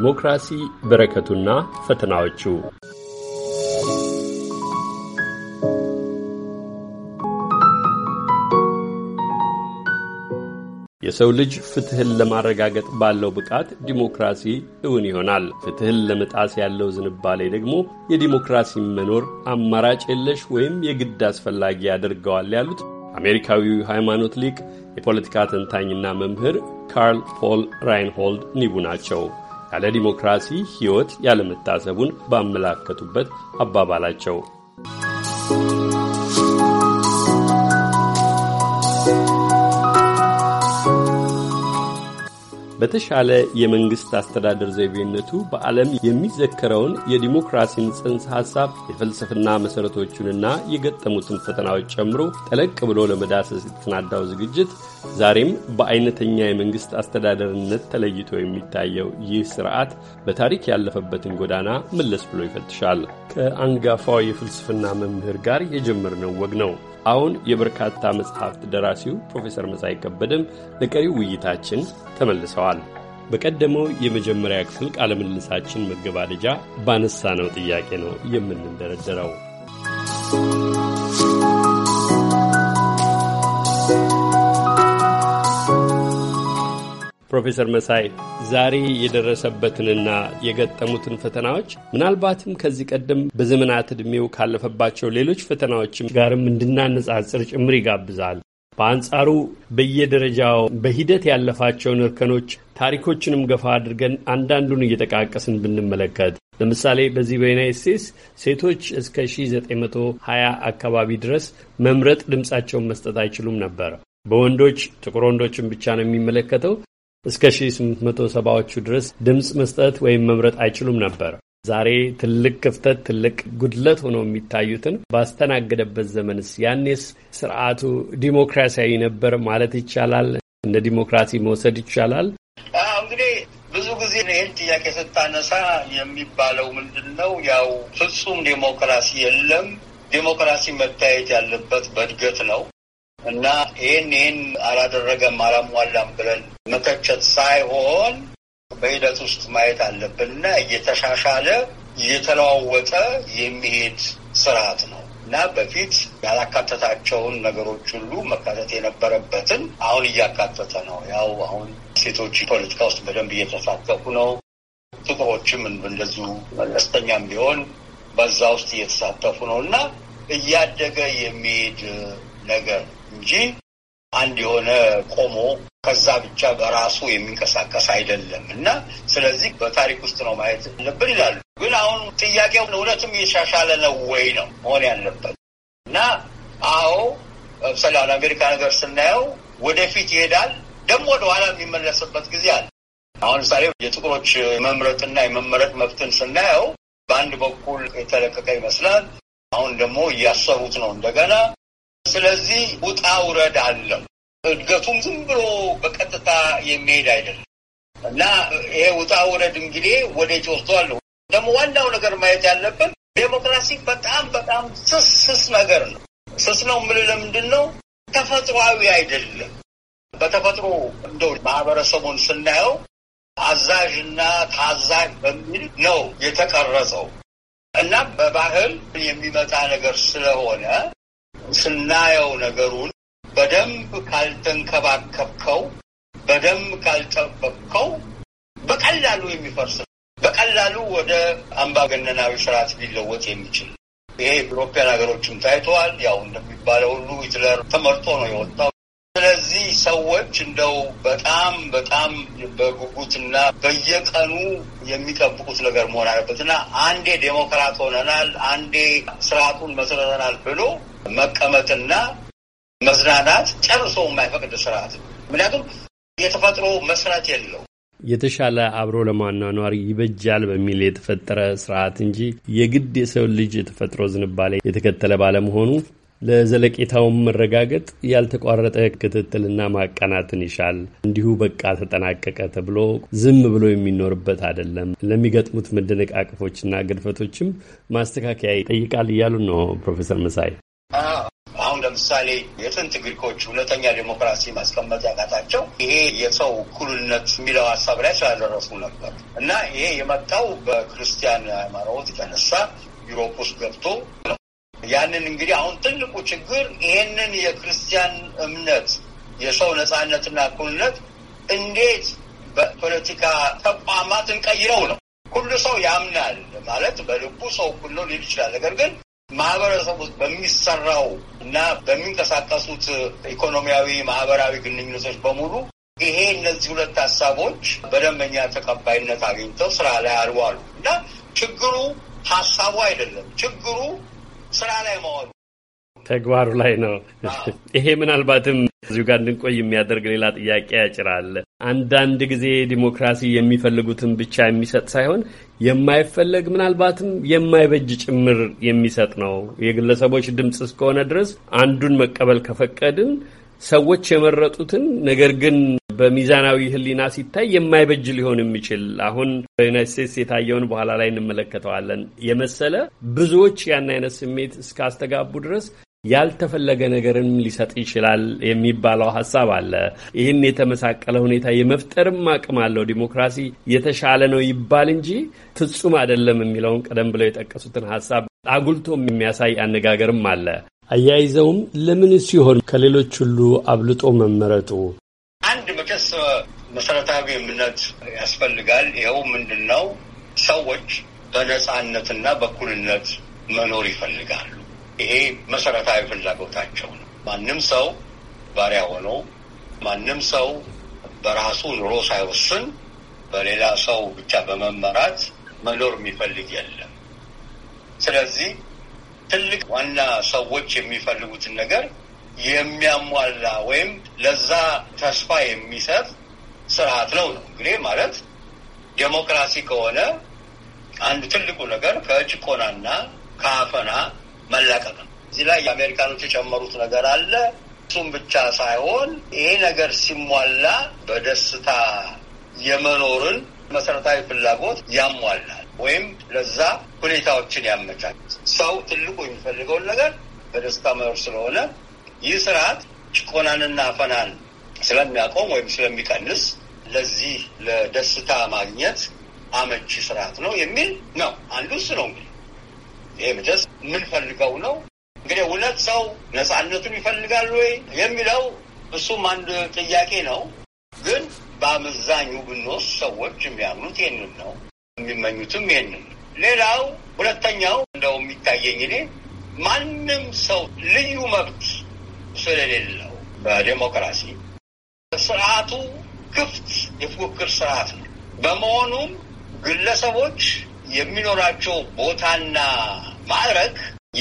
ዲሞክራሲ በረከቱና ፈተናዎቹ የሰው ልጅ ፍትህን ለማረጋገጥ ባለው ብቃት ዲሞክራሲ እውን ይሆናል። ፍትህን ለመጣስ ያለው ዝንባሌ ደግሞ የዲሞክራሲ መኖር አማራጭ የለሽ ወይም የግድ አስፈላጊ ያደርገዋል ያሉት አሜሪካዊው ሃይማኖት ሊቅ የፖለቲካ ተንታኝና መምህር ካርል ፖል ራይንሆልድ ኒቡ ናቸው። ያለ ዲሞክራሲ ሕይወት ያለመታሰቡን ባመላከቱበት አባባላቸው በተሻለ የመንግሥት አስተዳደር ዘይቤነቱ በዓለም የሚዘከረውን የዲሞክራሲን ጽንሰ ሐሳብ የፍልስፍና መሠረቶቹንና የገጠሙትን ፈተናዎች ጨምሮ ጠለቅ ብሎ ለመዳሰስ የተሰናዳው ዝግጅት ዛሬም በአይነተኛ የመንግሥት አስተዳደርነት ተለይቶ የሚታየው ይህ ስርዓት በታሪክ ያለፈበትን ጎዳና መለስ ብሎ ይፈትሻል። ከአንጋፋው የፍልስፍና መምህር ጋር የጀመርነው ወግ ነው። አሁን የበርካታ መጽሐፍት ደራሲው ፕሮፌሰር መሳይ ከበደም ለቀሪው ውይይታችን ተመልሰዋል። በቀደመው የመጀመሪያ ክፍል ቃለ ምልልሳችን መገባደጃ ባነሳ ነው ጥያቄ ነው የምንደረደረው። ፕሮፌሰር መሳይ ዛሬ የደረሰበትንና የገጠሙትን ፈተናዎች ምናልባትም ከዚህ ቀደም በዘመናት ዕድሜው ካለፈባቸው ሌሎች ፈተናዎችም ጋርም እንድናነጻጽር ጭምር ይጋብዛል። በአንጻሩ በየደረጃው በሂደት ያለፋቸውን እርከኖች ታሪኮችንም ገፋ አድርገን አንዳንዱን እየጠቃቀስን ብንመለከት ለምሳሌ በዚህ በዩናይት ስቴትስ ሴቶች እስከ 1920 አካባቢ ድረስ መምረጥ ድምፃቸውን መስጠት አይችሉም ነበር። በወንዶች ጥቁር ወንዶችን ብቻ ነው የሚመለከተው። እስከ 1870ዎቹ ድረስ ድምፅ መስጠት ወይም መምረጥ አይችሉም ነበር። ዛሬ ትልቅ ክፍተት፣ ትልቅ ጉድለት ሆኖ የሚታዩትን ባስተናገደበት ዘመንስ ያኔስ ስርዓቱ ዲሞክራሲያዊ ነበር ማለት ይቻላል? እንደ ዲሞክራሲ መውሰድ ይቻላል? እንግዲህ ብዙ ጊዜ ይህን ጥያቄ ስታነሳ የሚባለው ምንድን ነው? ያው ፍጹም ዲሞክራሲ የለም። ዲሞክራሲ መታየት ያለበት በእድገት ነው። እና ይህን ይህን አላደረገም አላሟላም ብለን መተቸት ሳይሆን በሂደት ውስጥ ማየት አለብን እና እየተሻሻለ እየተለዋወጠ የሚሄድ ስርዓት ነው እና በፊት ያላካተታቸውን ነገሮች ሁሉ መካተት የነበረበትን አሁን እያካተተ ነው። ያው አሁን ሴቶች ፖለቲካ ውስጥ በደንብ እየተሳተፉ ነው። ጥቁሮችም እንደዚሁ መለስተኛም ቢሆን በዛ ውስጥ እየተሳተፉ ነው እና እያደገ የሚሄድ ነገር እንጂ አንድ የሆነ ቆሞ ከዛ ብቻ በራሱ የሚንቀሳቀስ አይደለም እና ስለዚህ በታሪክ ውስጥ ነው ማየት አለብን ይላሉ። ግን አሁን ጥያቄው እውነትም እየሻሻለ ነው ወይ ነው መሆን ያለበት እና አዎ ምሳሌ አሁን አሜሪካ ነገር ስናየው ወደፊት ይሄዳል፣ ደግሞ ወደኋላ የሚመለስበት ጊዜ አለ። አሁን ምሳሌ የጥቁሮች መምረጥና የመመረጥ መብትን ስናየው በአንድ በኩል የተለቀቀ ይመስላል። አሁን ደግሞ እያሰሩት ነው እንደገና ስለዚህ ውጣ ውረድ አለው። እድገቱም ዝም ብሎ በቀጥታ የሚሄድ አይደለም እና ይሄ ውጣ ውረድ እንግዲህ ወዴት ወስዷል? ደግሞ ዋናው ነገር ማየት ያለብን ዴሞክራሲ በጣም በጣም ስስ ስስ ነገር ነው። ስስ ነው የምልህ ለምንድን ነው? ተፈጥሯዊ አይደለም። በተፈጥሮ እንደው ማህበረሰቡን ስናየው አዛዥና ታዛዥ በሚል ነው የተቀረጸው እና በባህል የሚመጣ ነገር ስለሆነ ስናየው ነገሩን በደንብ ካልተንከባከብከው፣ በደንብ ካልጠበቅከው በቀላሉ የሚፈርስ በቀላሉ ወደ አምባገነናዊ ስርዓት ሊለወጥ የሚችል ይሄ ኢውሮፒያን ሀገሮችም ታይተዋል። ያው እንደሚባለው ሁሉ ሂትለር ተመርጦ ነው የወጣው። ስለዚህ ሰዎች እንደው በጣም በጣም በጉጉትና በየቀኑ የሚጠብቁት ነገር መሆን አለበት እና አንዴ ዴሞክራት ሆነናል፣ አንዴ ስርዓቱን መስረተናል ብሎ መቀመጥና መዝናናት ጨርሶ የማይፈቅድ ስርዓት። ምክንያቱም የተፈጥሮ መስራት የለው የተሻለ አብሮ ለማኗኗር ይበጃል በሚል የተፈጠረ ስርዓት እንጂ የግድ የሰው ልጅ የተፈጥሮ ዝንባሌ የተከተለ ባለመሆኑ ለዘለቄታውን መረጋገጥ ያልተቋረጠ ክትትልና ማቃናትን ይሻል። እንዲሁ በቃ ተጠናቀቀ ተብሎ ዝም ብሎ የሚኖርበት አይደለም። ለሚገጥሙት መደነቃቀፎችና ግድፈቶችም ማስተካከያ ይጠይቃል እያሉ ነው ፕሮፌሰር መሳይ። ለምሳሌ የጥንት ግሪኮች እውነተኛ ዴሞክራሲ ማስቀመጥ ያቃታቸው ይሄ የሰው እኩልነት የሚለው ሀሳብ ላይ ስላደረሱ ነበር እና ይሄ የመጣው በክርስቲያን ሃይማኖት የተነሳ ዩሮፕ ውስጥ ገብቶ ነው። ያንን እንግዲህ አሁን ትልቁ ችግር ይሄንን የክርስቲያን እምነት የሰው ነጻነትና እኩልነት እንዴት በፖለቲካ ተቋማት እንቀይረው ነው። ሁሉ ሰው ያምናል ማለት በልቡ ሰው እኩል ነው ሊል ይችላል። ነገር ግን ማህበረሰቡ ውስጥ በሚሰራው እና በሚንቀሳቀሱት ኢኮኖሚያዊ፣ ማህበራዊ ግንኙነቶች በሙሉ ይሄ እነዚህ ሁለት ሀሳቦች በደንበኛ ተቀባይነት አግኝተው ስራ ላይ አልዋሉ እና ችግሩ ሀሳቡ አይደለም፣ ችግሩ ስራ ላይ መዋሉ ተግባሩ ላይ ነው። ይሄ ምናልባትም እዚሁ ጋር እንድንቆይ የሚያደርግ ሌላ ጥያቄ ያጭራል። አንዳንድ ጊዜ ዲሞክራሲ የሚፈልጉትን ብቻ የሚሰጥ ሳይሆን የማይፈለግ ምናልባትም የማይበጅ ጭምር የሚሰጥ ነው። የግለሰቦች ድምፅ እስከሆነ ድረስ አንዱን መቀበል ከፈቀድን ሰዎች የመረጡትን ነገር ግን በሚዛናዊ ሕሊና ሲታይ የማይበጅ ሊሆን የሚችል አሁን በዩናይት ስቴትስ የታየውን በኋላ ላይ እንመለከተዋለን የመሰለ ብዙዎች ያን አይነት ስሜት እስካስተጋቡ ድረስ ያልተፈለገ ነገርም ሊሰጥ ይችላል የሚባለው ሀሳብ አለ። ይህን የተመሳቀለ ሁኔታ የመፍጠርም አቅም አለው ዲሞክራሲ የተሻለ ነው ይባል እንጂ ፍጹም አይደለም የሚለውን ቀደም ብለው የጠቀሱትን ሀሳብ አጉልቶ የሚያሳይ አነጋገርም አለ። አያይዘውም ለምን ሲሆን ከሌሎች ሁሉ አብልጦ መመረጡ አንድ መቼስ መሰረታዊ እምነት ያስፈልጋል። ይኸው ምንድን ነው ሰዎች በነጻነትና በኩልነት መኖር ይፈልጋሉ። ይሄ መሰረታዊ ፍላጎታቸው ነው። ማንም ሰው ባሪያ ሆኖ ማንም ሰው በራሱ ኑሮ ሳይወስን በሌላ ሰው ብቻ በመመራት መኖር የሚፈልግ የለም። ስለዚህ ትልቅ ዋና ሰዎች የሚፈልጉትን ነገር የሚያሟላ ወይም ለዛ ተስፋ የሚሰጥ ስርዓት ነው ነው እንግዲህ ማለት ዴሞክራሲ ከሆነ አንድ ትልቁ ነገር ከጭቆናና ከአፈና መለቀቅ ነው። እዚህ ላይ የአሜሪካኖች የጨመሩት ነገር አለ። እሱም ብቻ ሳይሆን ይሄ ነገር ሲሟላ በደስታ የመኖርን መሰረታዊ ፍላጎት ያሟላል ወይም ለዛ ሁኔታዎችን ያመቻል። ሰው ትልቁ የሚፈልገውን ነገር በደስታ መኖር ስለሆነ ይህ ስርዓት ጭቆናንና አፈናን ስለሚያቆም ወይም ስለሚቀንስ ለዚህ ለደስታ ማግኘት አመቺ ስርዓት ነው የሚል ነው። አንዱ እሱ ነው እንግዲህ ይሄ መቼስ የምንፈልገው ነው። እንግዲህ ሁለት ሰው ነፃነቱን ይፈልጋል ወይ የሚለው እሱም አንድ ጥያቄ ነው። ግን በአመዛኙ ብንወስድ ሰዎች የሚያምኑት ይህንን ነው፣ የሚመኙትም ይህንን ነው። ሌላው ሁለተኛው እንደው የሚታየኝ እኔ ማንም ሰው ልዩ መብት ስለሌለው በዴሞክራሲ ስርዓቱ ክፍት የፉክክር ስርዓት ነው። በመሆኑም ግለሰቦች የሚኖራቸው ቦታና ማድረግ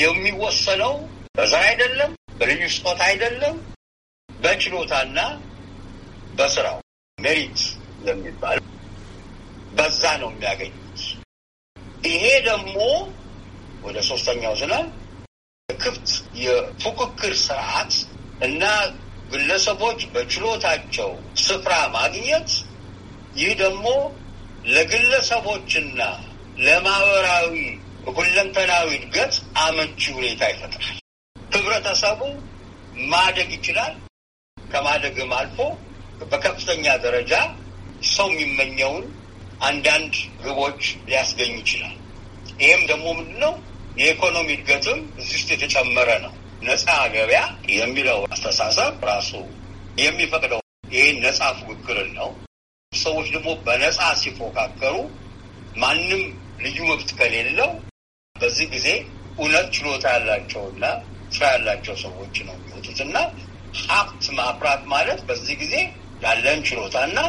የሚወሰነው በዘር አይደለም፣ በልዩ ስጦታ አይደለም፣ በችሎታና በስራው ሜሪት ለሚባል በዛ ነው የሚያገኙት። ይሄ ደግሞ ወደ ሶስተኛው ዝናብ ክፍት የፉክክር ስርዓት እና ግለሰቦች በችሎታቸው ስፍራ ማግኘት ይህ ደግሞ ለግለሰቦችና ለማህበራዊ ሁለንተናዊ እድገት አመቺ ሁኔታ ይፈጥራል። ህብረተሰቡ ማደግ ይችላል። ከማደግም አልፎ በከፍተኛ ደረጃ ሰው የሚመኘውን አንዳንድ ግቦች ሊያስገኝ ይችላል። ይህም ደግሞ ምንድነው? የኢኮኖሚ እድገትም እዚህ ውስጥ የተጨመረ ነው። ነፃ ገበያ የሚለው አስተሳሰብ ራሱ የሚፈቅደው ይህን ነፃ ፉክክርን ነው። ሰዎች ደግሞ በነፃ ሲፎካከሩ ማንም ልዩ መብት ከሌለው በዚህ ጊዜ እውነት ችሎታ ያላቸውና ስራ ያላቸው ሰዎች ነው የሚወጡት እና ሀብት ማፍራት ማለት በዚህ ጊዜ ያለን ችሎታ እና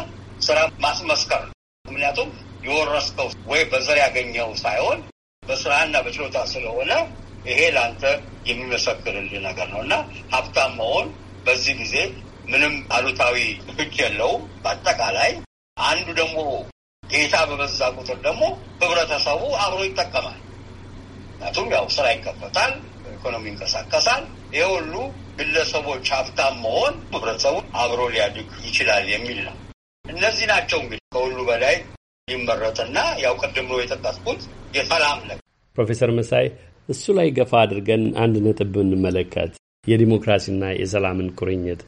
ስራ ማስመስከር ነው። ምክንያቱም የወረስከው ወይ በዘር ያገኘው ሳይሆን በስራና በችሎታ ስለሆነ ይሄ ለአንተ የሚመሰክርልህ ነገር ነው እና ሀብታም መሆን በዚህ ጊዜ ምንም አሉታዊ ህግ የለውም። በአጠቃላይ አንዱ ደግሞ ጌታ በበዛ ቁጥር ደግሞ ህብረተሰቡ አብሮ ይጠቀማል። ምክንያቱም ያው ስራ ይከፈታል፣ ኢኮኖሚ ይንቀሳቀሳል። ይህ ሁሉ ግለሰቦች ሀብታም መሆን ህብረተሰቡ አብሮ ሊያድግ ይችላል የሚል ነው። እነዚህ ናቸው እንግዲህ ከሁሉ በላይ ሊመረጥና ያው ቅድም ነው የጠቀስኩት የሰላም ነ ፕሮፌሰር መሳይ እሱ ላይ ገፋ አድርገን አንድ ነጥብ እንመለከት የዲሞክራሲና የሰላምን ቁርኝት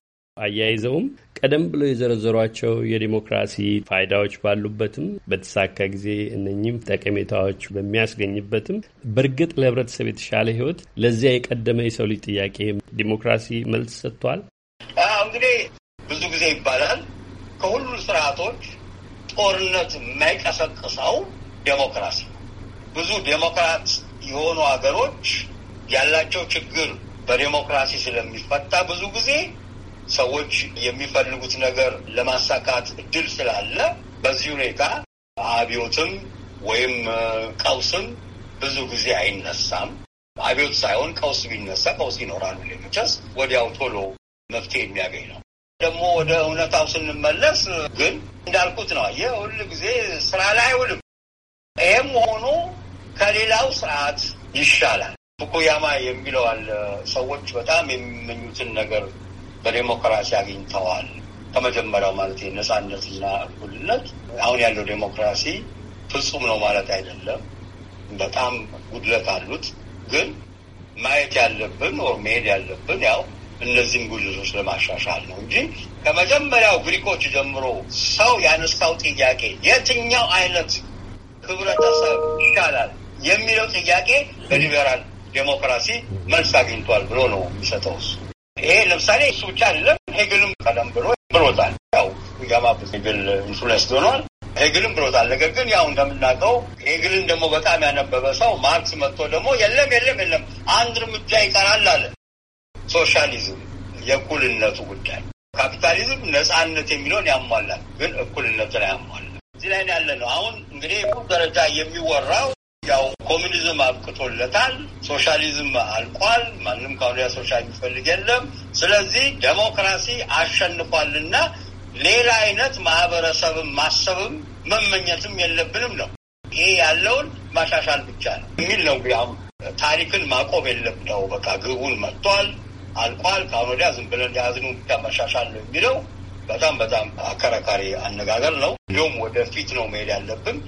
አያይዘውም ቀደም ብሎ የዘረዘሯቸው የዲሞክራሲ ፋይዳዎች ባሉበትም በተሳካ ጊዜ እነኚህም ጠቀሜታዎች በሚያስገኝበትም በእርግጥ ለህብረተሰብ የተሻለ ህይወት ለዚያ የቀደመ የሰው ልጅ ጥያቄ ዲሞክራሲ መልስ ሰጥቷል። እንግዲህ ብዙ ጊዜ ይባላል ከሁሉ ስርዓቶች ጦርነት የማይቀሰቅሰው ዴሞክራሲ ነው። ብዙ ዴሞክራት የሆኑ ሀገሮች ያላቸው ችግር በዴሞክራሲ ስለሚፈታ ብዙ ጊዜ ሰዎች የሚፈልጉት ነገር ለማሳካት እድል ስላለ በዚህ ሁኔታ አብዮትም ወይም ቀውስም ብዙ ጊዜ አይነሳም። አብዮት ሳይሆን ቀውስ ቢነሳ ቀውስ ይኖራል ብሎ ወዲያው ቶሎ መፍትሄ የሚያገኝ ነው። ደግሞ ወደ እውነታው ስንመለስ ግን እንዳልኩት ነው። ይህ ሁል ጊዜ ስራ ላይ አይውልም። ይህም ሆኖ ከሌላው ስርዓት ይሻላል። ፉኩያማ የሚለዋል ሰዎች በጣም የሚመኙትን ነገር በዴሞክራሲ አግኝተዋል። ከመጀመሪያው ማለት ነፃነትና እኩልነት። አሁን ያለው ዴሞክራሲ ፍጹም ነው ማለት አይደለም። በጣም ጉድለት አሉት። ግን ማየት ያለብን ወር መሄድ ያለብን ያው እነዚህም ጉድለቶች ለማሻሻል ነው እንጂ ከመጀመሪያው ግሪኮች ጀምሮ ሰው ያነሳው ጥያቄ የትኛው አይነት ህብረተሰብ ይሻላል የሚለው ጥያቄ በሊበራል ዴሞክራሲ መልስ አግኝቷል ብሎ ነው የሚሰጠው እሱ። ይሄ ለምሳሌ እሱ ብቻ አይደለም። ሄግልም ቀደም ብሎ ብሎታል። ያው ሚገባ ሄግል ኢንፍሉዌንስ ሆኗል። ሄግልም ብሎታል። ነገር ግን ያው እንደምናውቀው ሄግልን ደግሞ በጣም ያነበበ ሰው ማርክስ መጥቶ ደግሞ የለም የለም የለም አንድ እርምጃ ይቀራል አለ። ሶሻሊዝም የእኩልነቱ ጉዳይ ካፒታሊዝም ነጻነት የሚለውን ያሟላል፣ ግን እኩልነትን አያሟላል። እዚህ ላይ ያለ ነው። አሁን እንግዲህ ደረጃ የሚወራው ያው ኮሚኒዝም አብቅቶለታል። ሶሻሊዝም አልቋል። ማንም ከአሁኑ ሶሻል የሚፈልግ የለም። ስለዚህ ዴሞክራሲ አሸንፏልና ሌላ አይነት ማህበረሰብም ማሰብም መመኘትም የለብንም ነው። ይሄ ያለውን ማሻሻል ብቻ ነው የሚል ነው። አሁን ታሪክን ማቆም የለም ነው። በቃ ግቡን መጥቷል፣ አልቋል። ከአሁን ወዲያ ዝም ብለን ያዝኑ ብቻ መሻሻል ነው የሚለው በጣም በጣም አከራካሪ አነጋገር ነው። እንዲሁም ወደፊት ነው መሄድ ያለብን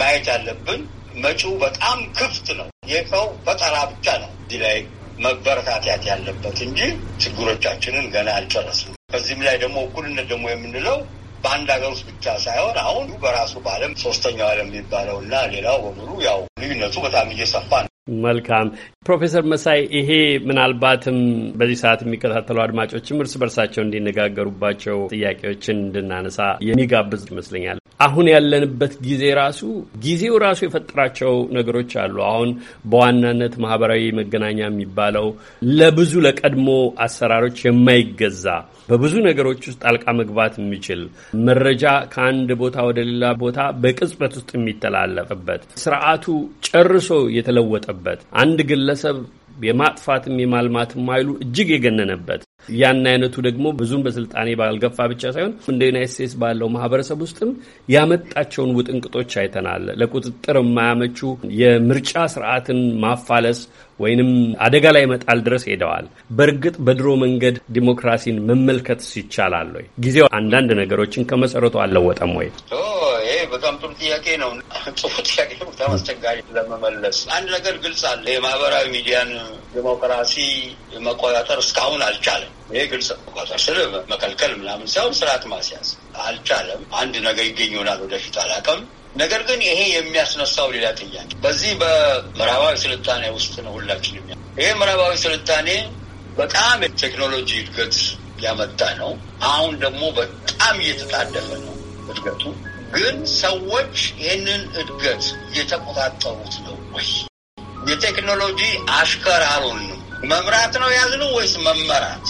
ማየት ያለብን መጪው በጣም ክፍት ነው። የቀው ፈጠራ ብቻ ነው እዚህ ላይ መበረታታት ያለበት እንጂ ችግሮቻችንን ገና አልጨረስም። በዚህም ላይ ደግሞ እኩልነት ደግሞ የምንለው በአንድ ሀገር ውስጥ ብቻ ሳይሆን አሁን በራሱ በዓለም ሶስተኛው ዓለም የሚባለው እና ሌላው በሙሉ ያው ልዩነቱ በጣም እየሰፋ ነው። መልካም ፕሮፌሰር መሳይ ይሄ ምናልባትም በዚህ ሰዓት የሚከታተሉ አድማጮችም እርስ በርሳቸው እንዲነጋገሩባቸው ጥያቄዎችን እንድናነሳ የሚጋብዝ ይመስለኛል። አሁን ያለንበት ጊዜ ራሱ ጊዜው ራሱ የፈጠራቸው ነገሮች አሉ። አሁን በዋናነት ማህበራዊ መገናኛ የሚባለው ለብዙ ለቀድሞ አሰራሮች የማይገዛ በብዙ ነገሮች ውስጥ ጣልቃ መግባት የሚችል መረጃ ከአንድ ቦታ ወደ ሌላ ቦታ በቅጽበት ውስጥ የሚተላለፍበት ስርዓቱ ጨርሶ የተለወጠበት አንድ ግለሰብ የማጥፋትም የማልማትም ኃይሉ እጅግ የገነነበት ያን አይነቱ ደግሞ ብዙም በስልጣኔ ባልገፋ ብቻ ሳይሆን እንደ ዩናይት ስቴትስ ባለው ማህበረሰብ ውስጥም ያመጣቸውን ውጥንቅጦች አይተናል። ለቁጥጥር የማያመቹ የምርጫ ስርዓትን ማፋለስ ወይንም አደጋ ላይ መጣል ድረስ ሄደዋል። በእርግጥ በድሮ መንገድ ዲሞክራሲን መመልከት ይቻላል ወይ? ጊዜው አንዳንድ ነገሮችን ከመሰረቱ አልለወጠም ወይ? ይሄ በጣም ጥሩ ጥያቄ ነው። ጥሩ ጥያቄ በጣም አስቸጋሪ ለመመለስ አንድ ነገር ግልጽ አለ። የማህበራዊ ሚዲያን ዲሞክራሲ መቆጣጠር እስካሁን አልቻለም። ይሄ ግልጽ መቆጣጠር ስል መከልከል ምናምን ሳይሆን ስርዓት ማስያዝ አልቻለም። አንድ ነገር ይገኝ ይሆናል ወደፊት አላውቅም። ነገር ግን ይሄ የሚያስነሳው ሌላ ጥያቄ በዚህ በምዕራባዊ ስልጣኔ ውስጥ ነው ሁላችንም። ይሄ ምዕራባዊ ስልጣኔ በጣም የቴክኖሎጂ እድገት ያመጣ ነው። አሁን ደግሞ በጣም እየተጣደፈ ነው እድገቱ ግን ሰዎች ይህንን እድገት እየተቆጣጠሩት ነው ወይ? የቴክኖሎጂ አሽከር መምራት ነው ያዝነው ወይስ መመራት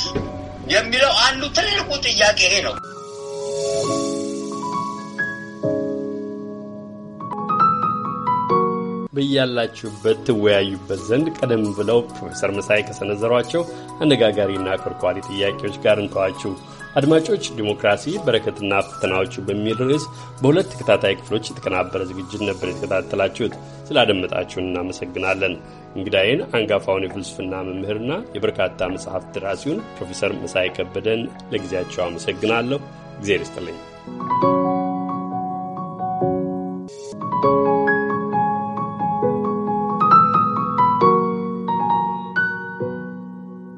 የሚለው አንዱ ትልቁ ጥያቄ ይሄ ነው። በያላችሁበት ትወያዩበት ዘንድ ቀደም ብለው ፕሮፌሰር መሳይ ከሰነዘሯቸው አነጋጋሪና ኮርኳሪ ጥያቄዎች ጋር እንተዋችሁ። አድማጮች ዲሞክራሲ በረከትና ፈተናዎቹ በሚል ርዕስ በሁለት ተከታታይ ክፍሎች የተቀናበረ ዝግጅት ነበር የተከታተላችሁት። ስላደመጣችሁን እናመሰግናለን። እንግዳዬን አንጋፋውን የፍልስፍና መምህርና የበርካታ መጽሐፍ ደራሲውን ፕሮፌሰር መሳይ ከበደን ለጊዜያቸው አመሰግናለሁ። እግዜር ይስጥልኝ።